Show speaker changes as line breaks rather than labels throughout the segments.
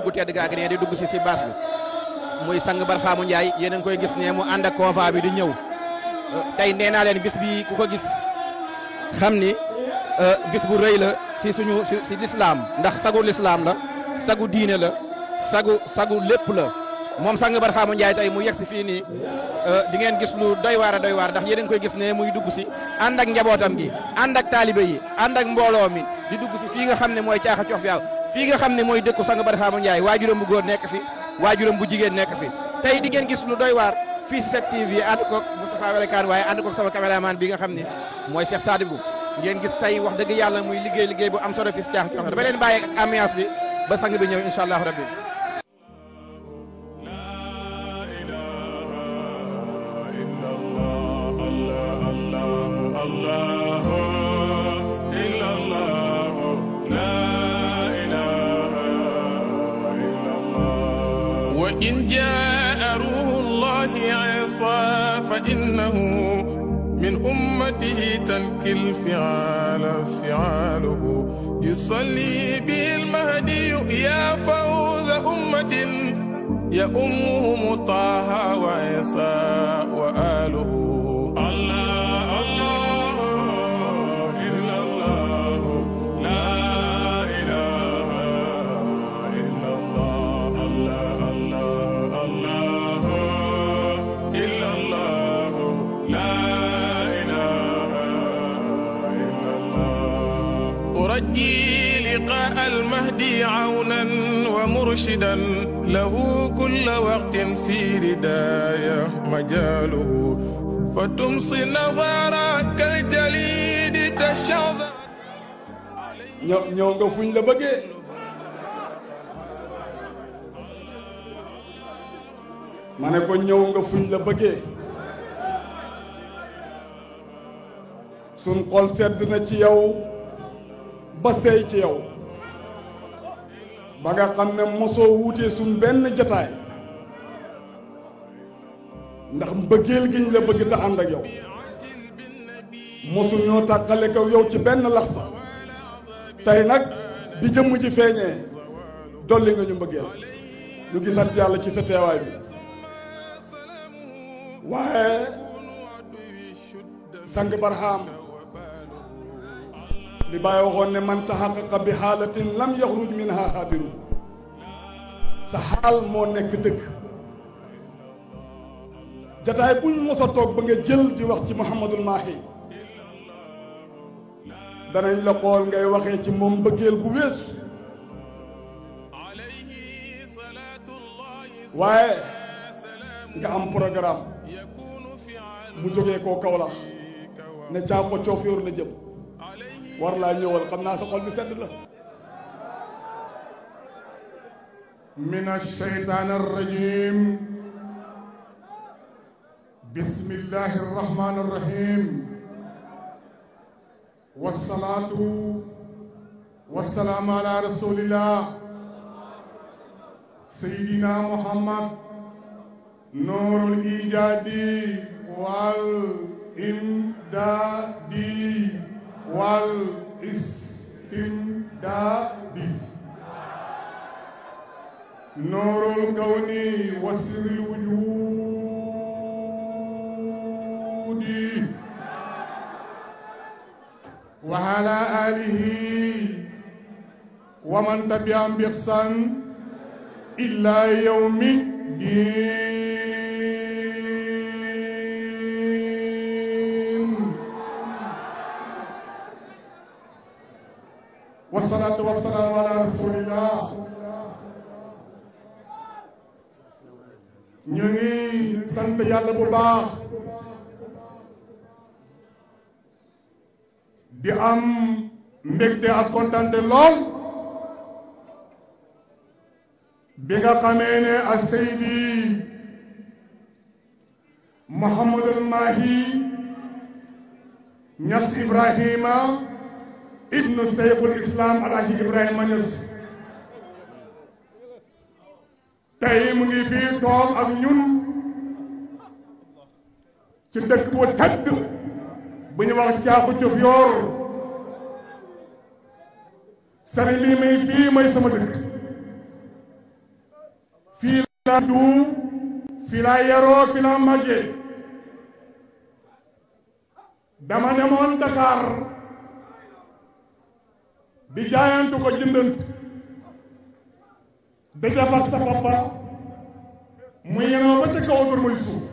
géwél gu tedd gaa gi ne di dugg si si baas bi muy sang barxaamu Njaay yéen a ngi koy gis ne mu ànd ak convoi bi di ñëw euh, tey nee naa leen bis bi ku ko gis xam ni euh, bis bu rëy la si suñu si lislaam ndax sagu lislaam la sagu diine la sagu sagu lépp la moom sang barxaamu Njaay tey mu yeg si fii nii euh, di ngeen gis lu doy waar doy waar ndax yéen ngi koy gis ne muy dugg si ànd ak njabootam gi ànd ak taalibe yi ànd ak mbooloo mi di dugg si fii nga xam ne mooy caaxa cox yaaw fii nga xam ne mooy dëkk sang Barhama Ndiaye waajuram bu góor nekk fi waajuram bu jigéen ne fi tey di ngeen gis lu doy waar fii si 7TV ànd koog Moustapha Welekaan waaye ànd koog sama caméraman bi nga xam ne mooy Cheikh Sadibou ngeen gis tey wax dëgg yàlla muy liggéey liggéey bu am solo fi si caax coox dama leen bàyyi ak ambiance bi ba sang bi ñëw incha allah rabbi محمد يأمهم طه وعيسى وآله له كل وقت في رداية مجاله فتمصي النظر كالجليد تشظى ñoo nga fuñ la bëggee ma ne ko ñëw nga fuñ la bëggee suñ xol sedd na ci yow ba sey ci yow ba nga xam ne mosoo wuutee suñ benn jataay ndax mbëggeel giñ la bëgg te ànd ak yow mosu ñoo tàqale ko yow ci benn lax sax tey nag di jëmm ci feeñee dolli nga ñu mbëggeel ñu ngi yàlla ci sa teewaay bi waaye sang barxaam li bàyyi waxoon ne man taxaqaqa bi xaalatin lam yaxruj minha habiru sa xaal moo nekk dëgg jataay buñ mos a toog ba nga jël di wax ci Mouhamadul Mahi danañ la xool ngay waxee ci moom bëggeel gu weesu waaye nga am programme mu jógee koo Kawlax ne caa ko coof la jëm war laa ñëwal xam naa bi sedd la
min alsheytaan arrajim bismillahi arrahman arrahim wasalaatu wasalaamu ala rasulillah sayidina muhammad nuurul ijaadi wal imdaadi wal istimdaadi nuurul kawni wa sirril wujuudi wa ala aalihi wa man tabi'ahum bi ihsaan ilaa yawmi diin ñu ngi sant yàlla bu baax di am mbégte ak kontante lool bi nga xamee ne ak Seydi Mouhamadul Ibrahima ibnu Seyxul Islam Alhaji Ibrahima Niass tey mu ngi fii toog ak ñun ci dëkk bu tagg bu ñu wax caaku cof yoor sari lii may fii may sama dëkk fii laa du fii laa yaroo fii laa màggee dama demoon Dakar di jaayantu ko jëndantu dëgga far sa papa mu yenoo ba ca kaw dor may suuf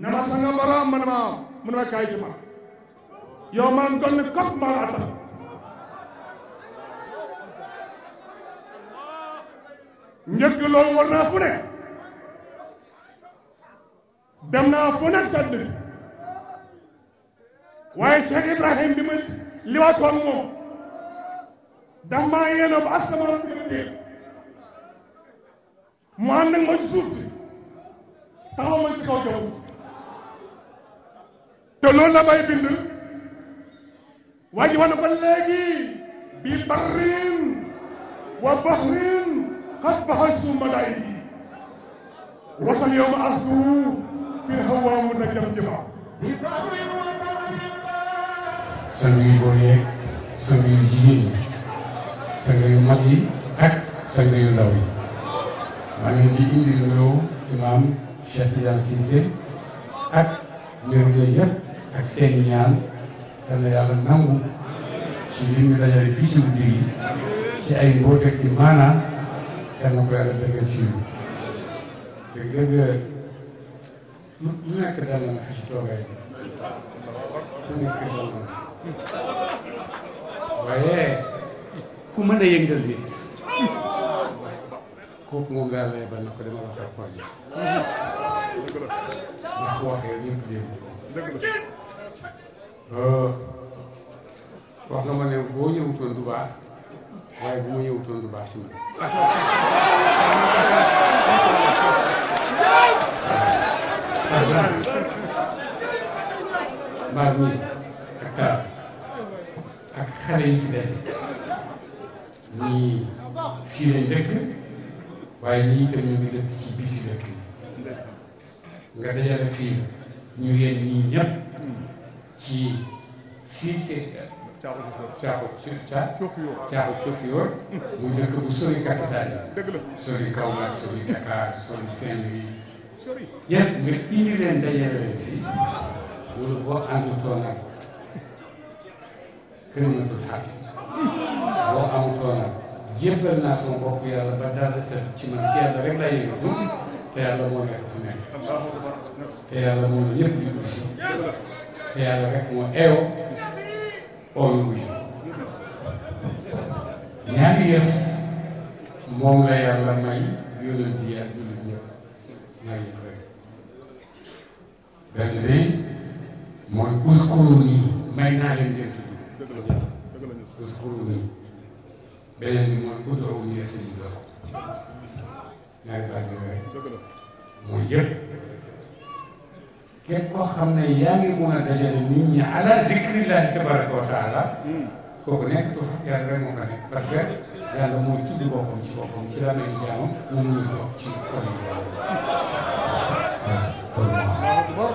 ne ma sanga baraam ma ne ma ma kaay ci ma yow man kon ni kot ma atal njëkk loolu war naa fu ne dem naa fu ne tàdd waaye Cheikh Ibrahim bi ma liwaatoon moom daf maa yéenoo ba asamaan bi nga mu ànd ak ma ci suuf la bay bind waa ji wax na ko léegi bii barrin wa bahrin xat baxal sumba daay yi wasal yow ma asuru fii hawaamu na jam jëma
sami góor yeeg sami jigéen ñi
sang yu mag yi ak sang yu ndaw yi maa ngi di indi nuyoo imaam Cheikh Tidiane Cissé ak mbir yooyu yëpp ak seen ñaan dana yàlla nangu ci li ñu dajale fii ci guddi gi ci ay mbóot ak ci maanaam ko yàlla dëggal ci dëgg dëgg lu nekk dal na fi ci toogaay bi waaye ku mën a yëngal nit kooku moom daal lay bal na ko dama wax ak xool yi
ndax
bu waxee ñëpp
dégg
euh, wax na ma ne boo ñëwutoon du baax waaye bu ma ñëwutoon du baax si man mbaar mi ak taar ak xale yi fi dee ñii fii lañ waaye ñii itam ñu ngi dëkk ci biti dëkk nga dajale fii ñu yéen ñii ñëpp ci fii ci caaxu caaxu caaxu Cofior muy dëkk bu sori capital yi sori Kaolack sori Dakar sori Saint-Louis yëpp nga indi leen dajale leen fii loolu boo àndutoon ak kër Madoum Fatick. wax amutoona jébbal naa sama bopp yàlla ba daal di seet ci man ci yàlla rek lay yëngatu te yàlla moo nekk fu nekk
te yàlla moo ne ñëpp di si
te yàlla rek moo eew oonu wuyu ñaari yëf moom la yàlla may yónent yi ak jullit ñëpp ñaari yëf rek benn bi mooy uskuru nii may naa leen ngeen tudd uskuru nii beneen bi mooy uddoo wu ñu sëñ bi dox ñaari baat yooyu mooy yëpp képp koo yaa ngi mun a dajale nit ñi ala zikrillahi tabaraka wa taala kooku nekk tu fa yàlla moo fa que yàlla boppam ci boppam ci la may jaamam mu mun a dox ci xol yi
waaw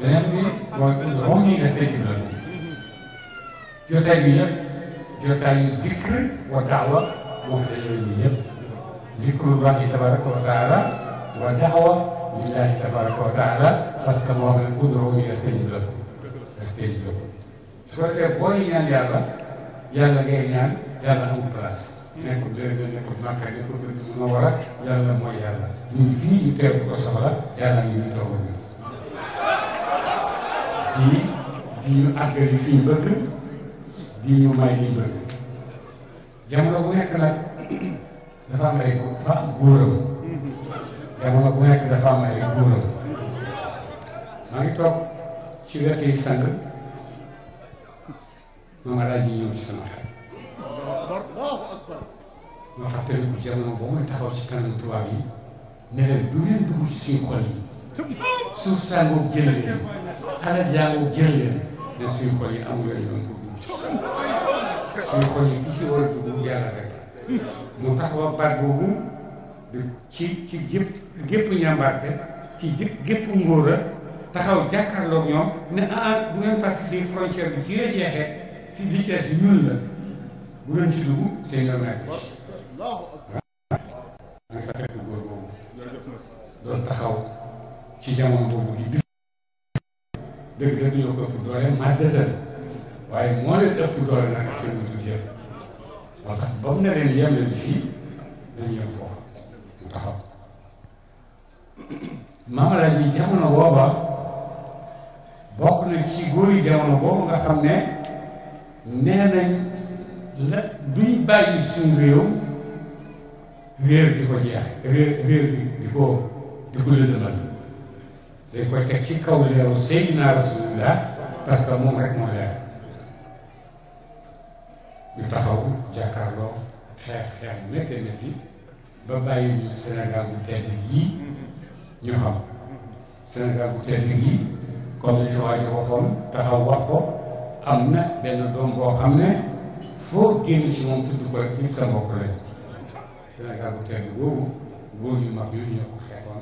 beneen bi mooy uddoo wu ñu sëñ bi
dox jotaay jotaayu zikr wa daawa moo fi dajale ñun ñëpp zikrullahi tabaraka wa taala wa lillahi tabaraka wa taala parce moo xam ne udroo ñu astajib la astajib la su ko defee booy ñaan yàlla yàlla ngay ñaan yàlla amul place. nekkul léeg-léeg nekkul makka nekkul ma war a yàlla mooy yàlla ñun fii ñu teew ko soxla yàlla ñu ngi toog ñu. di di ñu àggali fi ñu bëgg. di may li ñu bëgg jamono bu nekk nag dafa am ay dafa am góoram jamono bu nekk dafa am ay góoram maa ngi ci wet yi sang ma ma daal di ci sama xel ma fàttaliku jamono boo muy taxaw ci kanam tubaab yi ne leen du ngeen ci suñu xol yi suuf sangoo jël leen xale jàngoo jël leen ne suñu xol yi amul yooyu suñu xol yi ki si war a dugg yàlla rek mu tax wa baat boobu ci ci jëpp gépp ñàmbarte ci gépp ngóor a taxaw jàkkaarloog ñoom ne ah bu ngeen passé frontière bi fii la jeexee fii li ci des ñun la bu leen ci dugg seen yoon nag nga fa fekk góor boobu doon taxaw ci jamono boobu di dëgg dëgg ñoo ko ëpp doole maa waaye moo leen ëpp nag seen wujju jël moo ba mu ne leen yem leen fii dañu yem foofu mu taxaw maam Alaaji jamono bokk na ci góor yi jamono nga xam ne nee nañ la duñ bàyyi suñu réew di ko jeex réer réer di ko di ko lëndëmal dañ koy teg ci kaw leeru Seydina Rasulullah parce que moom rek moo leer ñu taxaw jàkkaarloo xeex xeex bu méttee métti ba bàyyi ñu Sénégal bu yi ñu xam Sénégal bu tedd yi comme li waa ji waxoon taxaw wax ko am na benn doom boo xam ne foo génn si moom tudd ko rek ñun sa mbokk lañ Sénégal bu tedd boobu góor yu mag yooyu ñoo ko xeexoon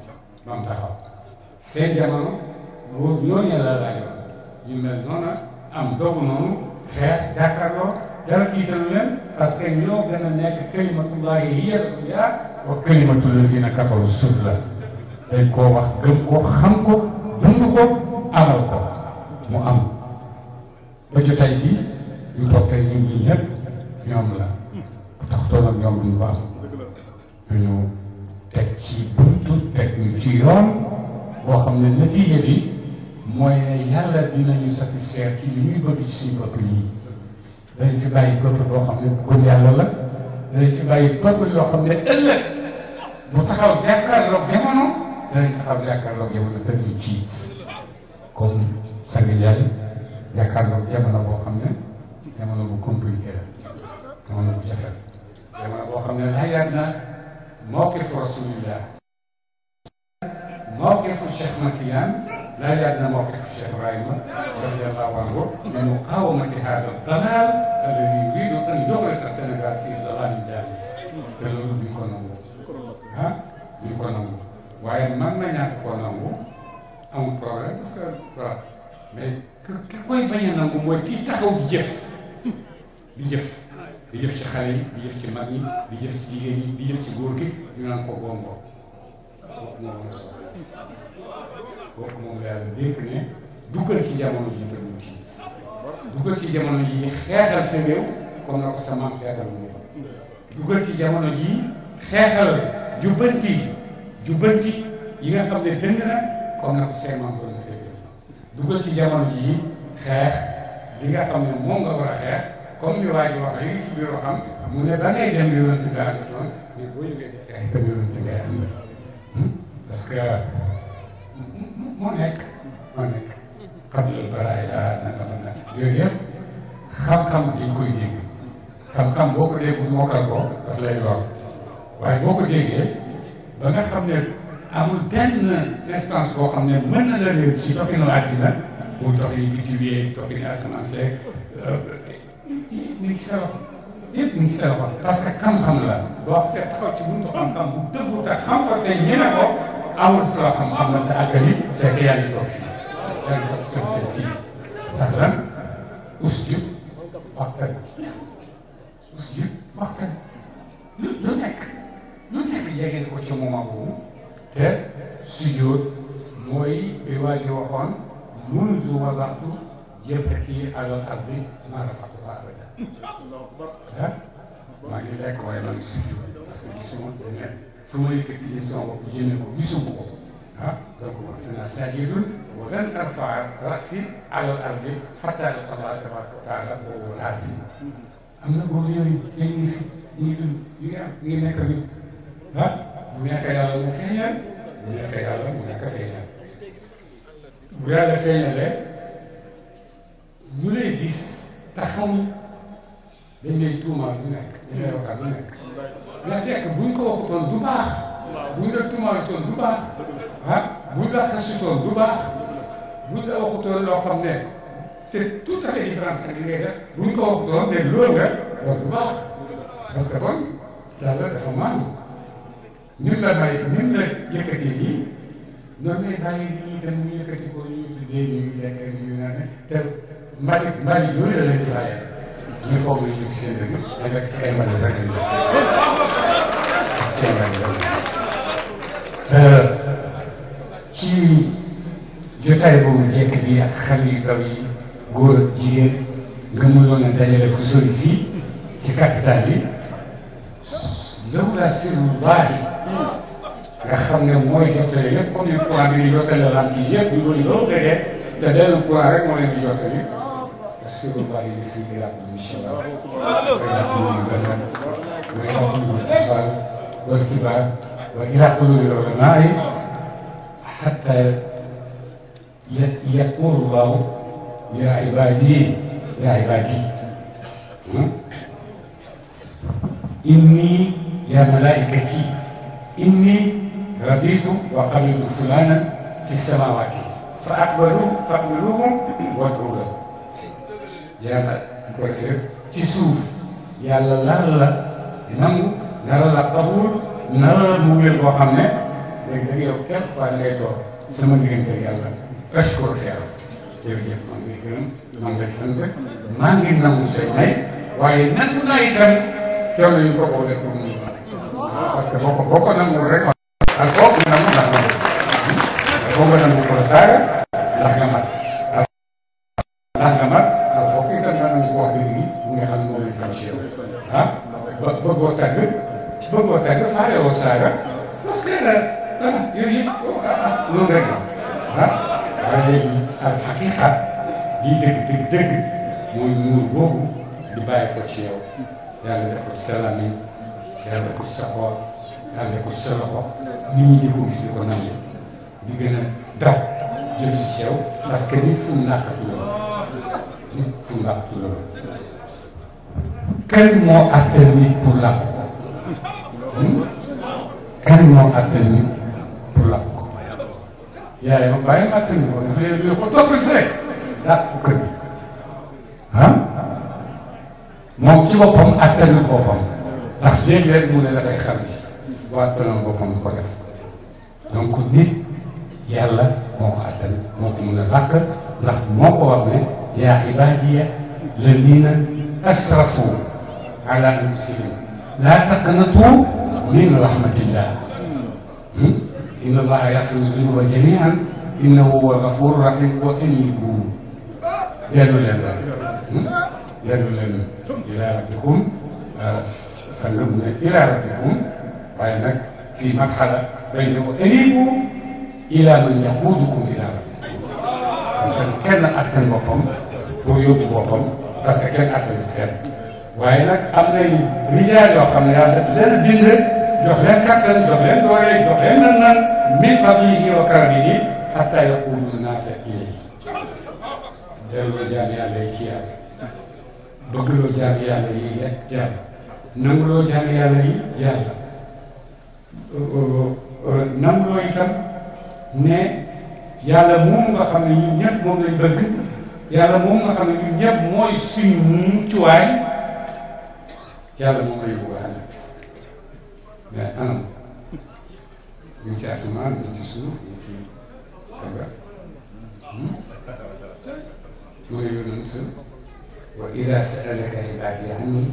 ba taxaw seen jamono loolu ñooñu la laajoon ñu mel noonu am dogu noonu xeex jàkkaarloo. dara tiitalu leen parce que ñoo gën a nekk kalimatullahi hiya al-ulya wa kalimatu kafaru sufla dañ koo wax gëm ko xam ko dund ko amal ko mu am ba jotaay bi ñu toog tey ñun ñii ñëpp la bu tax toll ak ñoom duñ ko am ñu teg ci buntu teg ci yoon boo xam ne natiija bi mooy ne yàlla dinañu satisfaire ci li ñuy bëgg ci suñu bopp yi danañ fi bàyyi peuple boo xam ne gëm yàlla la danañ fi bàyyi peuple yoo xam ne ëllëg bu taxaw jàkkaarloog jamono danañ taxaw jàkkaarloog jamono te ñu ci comme sang Njaay jàkkaarloog jamono boo xam ne jamono bu compliqué la jamono bu jafe la jamono boo xam ne laa fu rasulillah moo fu Cheikh ناجعنا موقف الشيخ ابراهيم رضي الله عنه من مقاومه هذا الضلال الذي يريد ان يغرق السنغال في ظلام دامس تلول بيكون نمو ها بيكون نمو waaye man ma ñàkk koo nangu amul problème parce que voilà mais ki koy bañ a nangu mooy kii taxaw di jëf di jëf di jëf ci xale yi di jëf ci mag yi di jëf ci jigéen yi di jëf ci góor gi ñu naan ko bongo bokk moo mën a soxla kooku moom la yàlla dénk ne duggal ci jamono ji te mu duggal ci jamono ji xeexal sa comme na ko sa maam xeexal mu duggal ci jamono ji xeexal jubbanti nga xam ne dëng na comme na ko say maam doon defee ci jamono ji xeex li nga xam ne moom nga war a xeex comme li waa wax léegi ci biir xam mu ne ba ngay dem yonent bi daal di doon mais boo jógee xeex itam yonent bi ngay am hmm? parce que moo nekk moo nekk xam nga baraaya naka ma nag yooyu yëpp xam-xam dañ koy dégg xam-xam boo ko dégg mokkal ko daf lay lor waaye boo ko déggee ba nga xam ne amul benn instance boo xam ne mën na la réer ci toppinu àddina muy toppinu bitim yeeg toppinu asamaan seeg euh, mi ngi sa loxo yëpp mi ngi sa loxo parce que xam-xam la boo xam seet taxaw ci buntu xam-xam bu dëggu te xam ko te ñeme amul soo xam-xam te àggali te nga yàlla toog fii yàlla toog sante fii ndax lan usjud waxtaan usjud waxtaan lu lu nekk lu nekk jege na ko ci moment boobu te sujjóot alal ardi maa rafa'tuhaa abadan maa ngi lekk waaye maa ngi sujjóot parce que gisuma dañ ne fu ma yëkkati jëm sama bopp jëmee ko gisuma ko ah donc maintenant sajidun wa lan arfa rasi alal ardi xatta alqa Allah tabaraka wa taala wa rabbi am na góor yooyu dañ ne fi ñu dund ñu ngi am ñu ngi nekk nit ah bu nekkee yàlla mu feeñal bu nekkee yàlla mu nekk feeñal bu yàlla feeñalee ñu lay gis taxaw dañ lay tuumaal lu nekk dañ lay waxtaan lu nekk la fekk buñ ko waxutoon du baax buñ la tumaatoon du baax ah buñ la xasutoon du baax buñ la waxutoon loo xam ne c'est tout à fait différence ak li ngay def buñ ko waxutoon ne loolu nga loolu du baax parce que kon yàlla dafa maan ñun la bàyyi ñun la yëkkati nii noonu lay bàyyi li ñuy dem ñu yëkkati ko ñu tuddee ñu lekk ñu naan te mbali mbali yooyu la lay bàyyi ñu foog ñu ngi seen dëgg da nga gis ay mbalit rek lañ def. ci jotaay boobu njëkk bi ak xale yu ndaw yi góor ak jigéen nga mënoon a dajale fu sori fii ci capital bi ndaw laa sirru baaxi nga xam ne mooy jottali lépp comme ni courant bi ñu jottali lamp yi yëpp ñu bëri loolu te dee te dellu courant rek moo leen di jottali السر الله لسيدي رحمه الشباب ويرحمه البنات ويرحمه الاطفال والكبار والى قلوب العلماء حتى يقول الله يا عبادي يا عبادي إني يا ملائكتي إني رضيت وقبلت فلانا في السماوات فأقبلوا فاقبلوهم وادعوا له yàlla bu ko defee ci suuf yàlla nar la nangu nar la xabul nar la dugaleel boo xam ne léegi da nga yow kenn fois ngay toog sama diggante yàlla ashkur yàlla jërëjëf maa ngi lay gërëm maa ngi lay sant maa ngi nangu say may waaye nangu naa itam coono yu ko boole pour ñu parce que boo ko boo ko nangu rek ak ko nangu ndax nangu ah ba bëggoo tàgg bëggoo tàgg faale woo saaga
parce que daal euh, ah, voilà yooyu yëpp oh, ah,
ah, loolu rek la ah di dëgg dëgg dëgg mooy muur boobu di bàyyi ko ci yow yàlla def ko ci sa làmmiñ yàlla def ko ci sa di gën a daw jëm si yow parce nit fu mu nàkkatu loolu nit fu mu nàkkatu loolu kan moo àttal nit pour làkk kan moo àttal nit pour làkk ko yaay ma bàyyi ma àttal ko
dafa yéen ko topp rek làkk
moom ci boppam àttal na boppam ndax léeg-léeg mu ne dafay xam ni bu boppam du ko def donc nit yàlla moo ko moo ko mun a làkk moo ko wax ne yaa ibaadiya ladina asrafu ala anfusihim laa taqnatuu min rahmatillah inna allaha yaghfiru zunuba jamii'an innahu huwa al-ghafuuru rahim wa aniibu dellu leen la dellu leen ilaa rabbikum sanga mu ne ilaa rabbikum waaye nag fii marxala bayna wa aniibu ilaa man yaquudukum ilaa rabbikum parce que kenn attan boppam pour yóbbu boppam parce que kenn attan kenn waaye nag am nay milliards yoo xam ne yàlla leen bind jox leen kattan jox leen doole jox leen nan nan min fadlihi wa karamihi hatta yakunu naasa ilayhi delloo jaam yàlla yi ci yàlla bëggloo jaam yàlla yi yàlla nanguloo jaam yàlla yi yàlla nanguloo itam ne yàlla moom nga xam ne ñun ñëpp moom lañ bëgg yàlla moom nga xam ne ñun ñëpp mooy suñu muccuwaay yàlla moom la ñu bëgg a àllak mais anam ñu ngi ci asamaan ñu ngi ci suuf ñu ngi ci danga hmm? mooy yonent
wa ida saalaka ibaadi anni